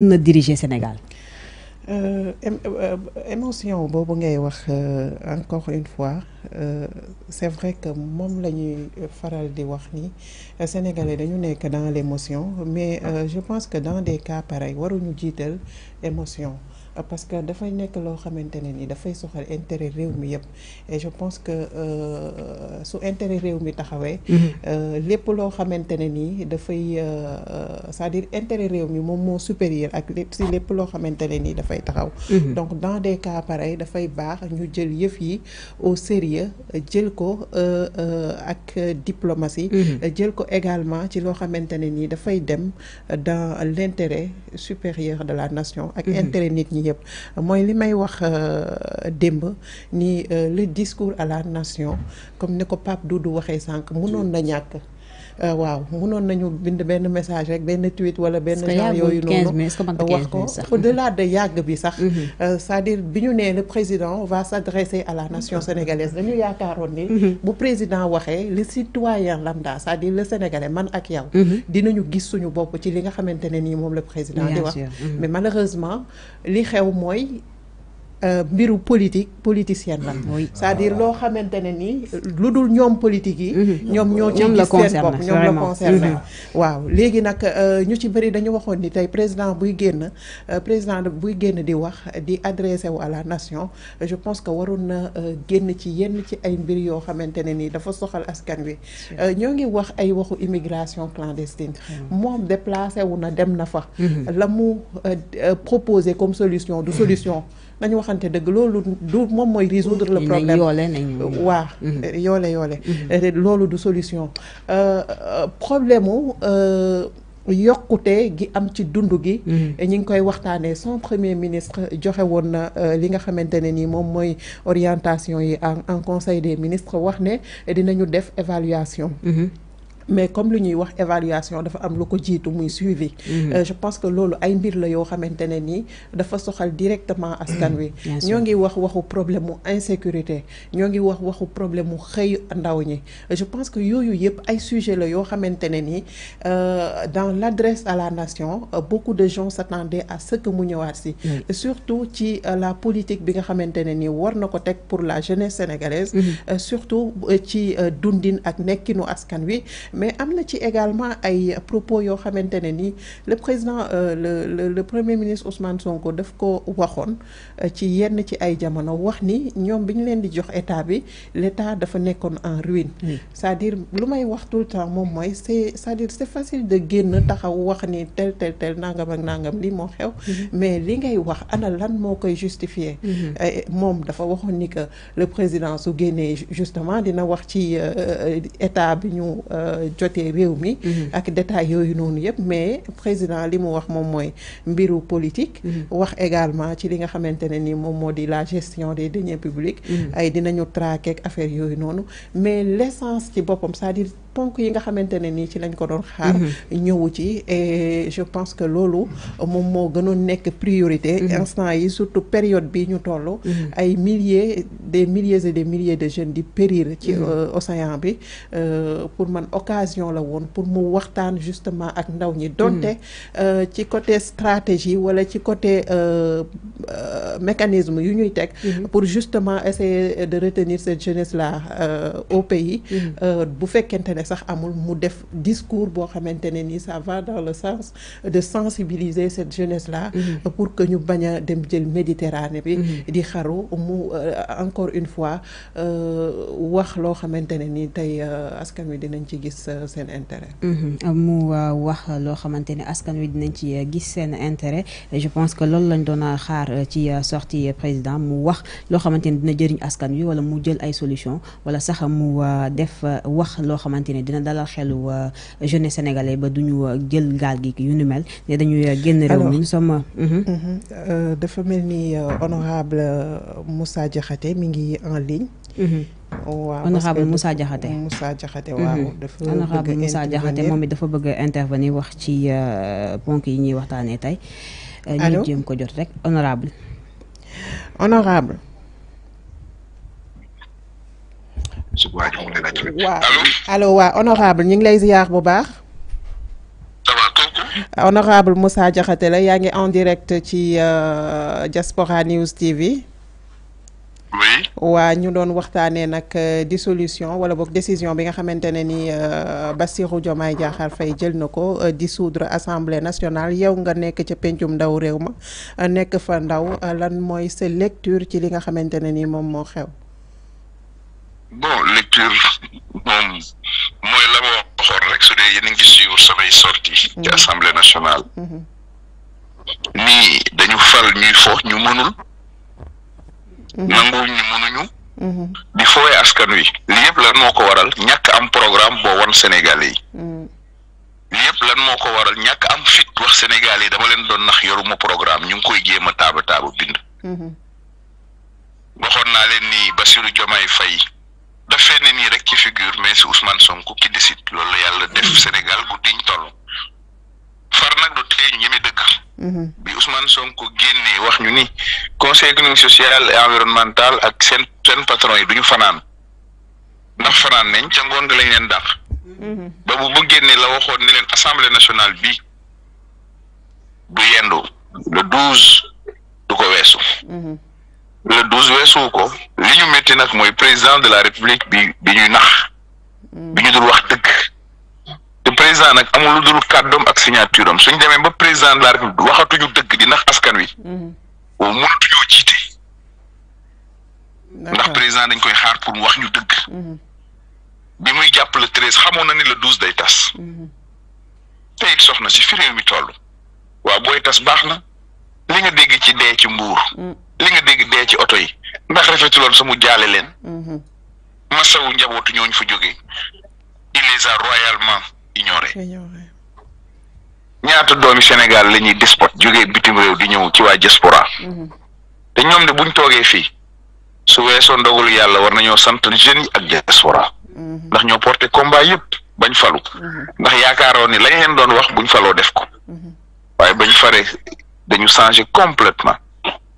dirigeons diriger Sénégal. Euh, euh, émotion bobu ngay euh, encore une fois c'est vrai que mom lañuy faral di wax ni sénégalais dañu dans l'émotion mais je pense que dans des cas pareils waruñu dit émotion. Euh, parce que dafay nek lo xamantene ni dafay soxal intérêt réew mi et je pense que euh, su intérêt réew mi mhm. euh lépp lo xamantene ni dafay euh, euh c'est-à-dire intérêt réew mi moom supérieur ak lépp si lépp loo xamante ne dafay taxaw mhm. donc dans des cas pareils dafay baax ñu jël yëf yi au sérieux jël ko ak diplomatie mhm. jël ko également ci lo xamantene ni dafay dem dans l'intérêt supérieur de la nation ak intérêt nit ñi yëpp mooy li wax euh, démb ni euh, le discours à la nation comme ne ko Pape Doudou waxe sank mënoon na ñak euh, waaw mënoon nañu bind benn message rek benn tweet wala benn genre yooyu noonu wax ko au-delà de yàgg bi sax mhm. euh, c'est-à-dire bi ñu nee le président va s'adresser à la nation sénégalaise dañu yaakaaroon ni mhm. bu président waxee le citoyen lambda c'est-à-dire le sénégalais man ak yow mhm. dinañu gis suñu bopp ci li nga xamante ne nii moom le président di wax mais malheureusement li xew mooy euh, bureau politique politicienne la mm-hmm. c'est-à-dire ah. lo xamantene ni, nous ñom politique yi mm-hmm. ñom ñoo ci la ñom la concerné mm-hmm. waaw euh, président euh, président génn di à la nation je pense que génn ci yenn ci ay mbir dafa soxal askan wi ñoo immigration clandestine wu na dem na proposé comme solution du solution xafante dëgg loolu du moom mooy résoudre le problème euh, waaw mhm. yoole yoole mhm. loolu du solution euh, euh, problème yokkute gi am ci dund gi. Mhm. ñi ngi koy waxtaanee son premier ministre joxe woon na li nga xamante ne ni moom mooy orientation yi en en conseil des ministres wax ne dinañu def évaluation mais comme le ñuy wax évaluation dafa am lu ko jiitu muy suivi mhm. euh, je pense que l'eau ay mbir la yoo xamante ni nii dafa soxal directement askan wi mhm. ñoo ngi wax waxu problème ou insécurité ñoo ngi wax waxu problème ou xëy en ñi je pense que yooyu yëpp ay sujet la yoo xamante ne nii euh, dans l'adresse à la nation euh, beaucoup de gens s'attendaient à ce que mu ñëwaat si surtout ci la politique bi nga xamante ni war na pour la jeunesse sénégalaise mhm. surtout ci dundin ak nekkinu askan wi mais amna ci également ay propos yo xamantene ni le président euh, le le le premier ministre Ousmane Sonko daf ko waxone euh, ci yenn ci ay jamono wax ni ñom biñu ñu leen di jox état bi l'état dafa nekkoon en ruine. c'est-à-dire lu may wax tout le temps mom moy c'est c'est-à-dire c'est facile de génn taxaw wax ni tel tel tel nangam ak nangam li mo xew. Mm-hmm. mais li ngay wax ana lan mo koy justifier. mom mm-hmm. dafa waxone ni que le président su génnee justement dina wax ci euh, état bi ñu jotee réew mi. Mhm. ak détails yooyu noonu yëpp mais président li mu wax moom mooy mbiru politique. Mhm. wax également ci li nga xamante ne ni moom moo di la gestion des deniers publics. Mhm. ay dinañu traquer ak affaire yooyu noonu mais l'essence ci boppam c'est-à-dire ponk yi nga xamantene ni ci lañ ko doon xaar mhm. ñëwu ci et je pense que loolu moom moo gënoon nekk priorité mhm. instant yi surtout période bi ñu toll mhm. ay milliers des milliers et des milliers de jeunes di périr ci euh, océan bi euh, pour man occasion la woon pour mu waxtaan justement ak ndaw ñi donte euh, ci côté stratégie wala ci côté mécanisme yu ñuy teg pour justement essayer de retenir cette jeunesse là au pays bu fekkente ne sax amul mu def discours boo xamante ne nii ça va dans le sens de sensibiliser cette jeunesse là mhm. pour que ñu bañ a dem jël Méditerranée bi mhm. di xaru mu euh, encore une fois euh, wax loo xamante ne nii tey euh, askan wi dinañ ci gis euh, seen intérêt mhm. mu wax loo xamante ne askan wi dinañ ci gis seen intérêt je pense que loolu lañ doon xaar ci sortie président mu wax loo xamante ne dina jëriñ askan wi wala mu jël ay solution wala sax mu def wax loo xamante xamante ne dina dalal xelu euh, jeune sénégalais ba du ñu euh, jël gaal gi yu ni mel ne dañuy euh, génn réew mi nous sommes mhm. Mhm. dafa mel ni honorable Moussa Diakhaté mi ngi en ligne mhm. oh, waaw honorable Moussa Diakhaté Moussa Diakhaté waaw dafa honorable Moussa Diakhaté moom it dafa bëgg a wax ci ponk yi ñuy waxtaanee tey ñu jéem ko jot rek honorable waaw allo honorable ñu ngi lay ziar bu baax honorable Moussa Diakhaté la yaa ngi en direct ci euh, Diaspora News TV Oui. waa ñu doon waxtaanee nag euh, dissolution wala boog décision bi nga xamante ne ni euh, Bassirou Diomaye Diakhar Faye jël na dissoudre assemblée nationale yow nga nekk ca pencum ndaw réew ma nekk fa ndaw lan mooy sa lecture ci li nga xamante ne ni moom moo xew bon lecture moom mooy la ma waxoon rek su dee yéen a ngi suivre samay sorti ci mhm. assemblée nationale mhm. nii dañu fal ñuy foo ñu mënul mhm. nanguwuñ ñu mënuñu di fooye askan wi li yëpp lan moo ko waral ñàkk am programme boo wan Sénégal lan moo ko waral ñàkk am fit wax Sénégal yi dama leen doon nax yoruma programme ñu ngi koy jéem a taaba taaba bind waxoon naa leen ni Bassirou Diomaye fay dafee ne nii rek ci figure mais si Ousmane Sonko ki décide loolu yàlla def Sénégal guddiñ toll far nag du tee ñi mi dëkk. bi Ousmane Sonko génnee wax ñu ni conseil économique social et ak seen seen patron yi du ñu fanaan ndax fanaan nañ ca ngoon nga lañ leen dàq. Mhm. ba bu mu génnee la waxoon ne leen assemblée nationale bi du yendu le douze du ko weesu. Mhm. weesoo ko li ñu métti nag mooy président de la république bi bi ñuy nax bi ñu dul wax dëgg te président nag amul lu dul kàddoom ak signature am suñ demee ba président de la république waxatuñu dëgg di nax askan wi waaw mm-hmm. mënatuñoo jiite ndax dañ koy xaar pour mu wax ñu dëgg mm-hmm. bi muy jàpp le treize xamoon na ni la douze day tas mm-hmm. te soxna si fi réew mi toll waaw booy tas baax na li nga dégg ci dee ci mbuur mm. li nga dégg dee ci oto yi ndax rafetuloon sama jaale leen. Mhm. masawu njabootu ñooñu fa jóge il les a royalement ignorés. ñaata doomi Sénégal la ñuy despot jógee bitim réew di ñëw ci waa diaspora. Mhm. te ñoom de buñ toogee fii. su weesoo ndogalu yàlla war nañoo sant jeunes yi ak diaspora. Mhm. ndax ñoo porté yëpp bañ falu. ndax ni lañ leen doon wax buñ faloo def ko. waaye bañ fare dañu changé completement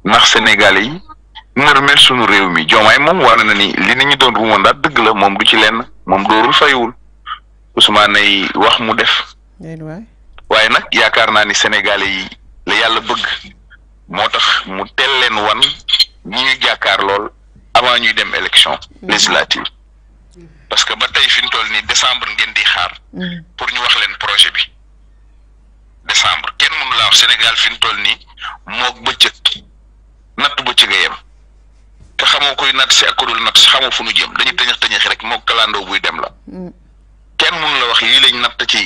ndax Sénégalais yi. mel sunu réew mi jomay mom war na ni li nañu doon ruumandaat deug la mom du ci lenn moom dóorul fayul Ousmane yi wax mu def waye nak yaakaar na ni sénégalais yi la yalla bëgg motax mu tel len wan ñi ñu jàkkaar lool avant ñuy dem élection mm-hmm. législative parce que ba tay fiñ toll décembre ngeen di xaar mm-hmm. pour ñu wax len projet bi décembre kenn mënu la wax Sénégal fiñ toll natt bëcëk te xamoo koy nat si ak ko dul nat si xamoo fu nu jëm dañuy tëñax tëñaxi rek moo kalandoo buy dem la mm. kenn mun la wax lii lañ natt ci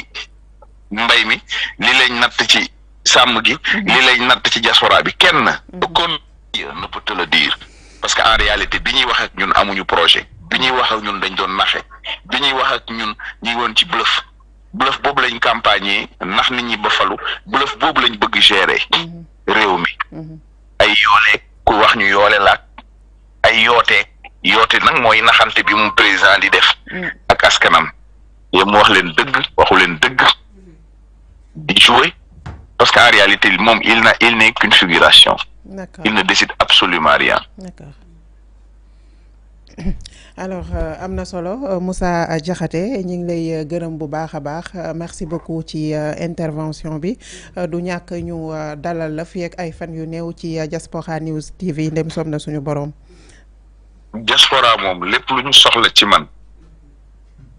mbay mi lii lañ natt ci sàmm gi mm-hmm. lii lañ natt ci diaspora bi kenn mm-hmm. kon ne peut te le parce que en réalité bi ñuy wax ak ñun amuñu projet bi ñuy wax ak ñun dañ doon naxe bi ñuy wax ak ñun ñi woon ci bluff bluff boobu lañ campagne nax nit ñi ba falu bluff boobu lañ bëgg gérer mm-hmm. réew mi ay yoole ku wax ñu yoole laak ay yote yoote nag mooy naxante bi mu président di def mm. ak askanam yéen mo wax len deug waxu len deug di jouer parce qu'en réalité mom il n'a il n'est qu'une figuration il ne décide absolument rien alors euh, am solo euh, Moussa Diakhaté ñu ngi lay euh, gërëm bu baax baax merci beaucoup ci intervention bi du ñak ñu dalal la fi ak ay fan yu néew ci Diaspora News TV ndem somna suñu borom diaspora moom lépp lu ñu soxla ci man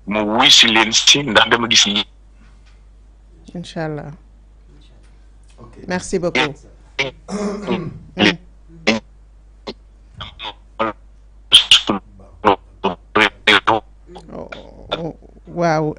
mo wuy ci len ci ndax dama gis yi inshallah allah merci beaucoup. Mm. Oh, oh, oh. Waouh,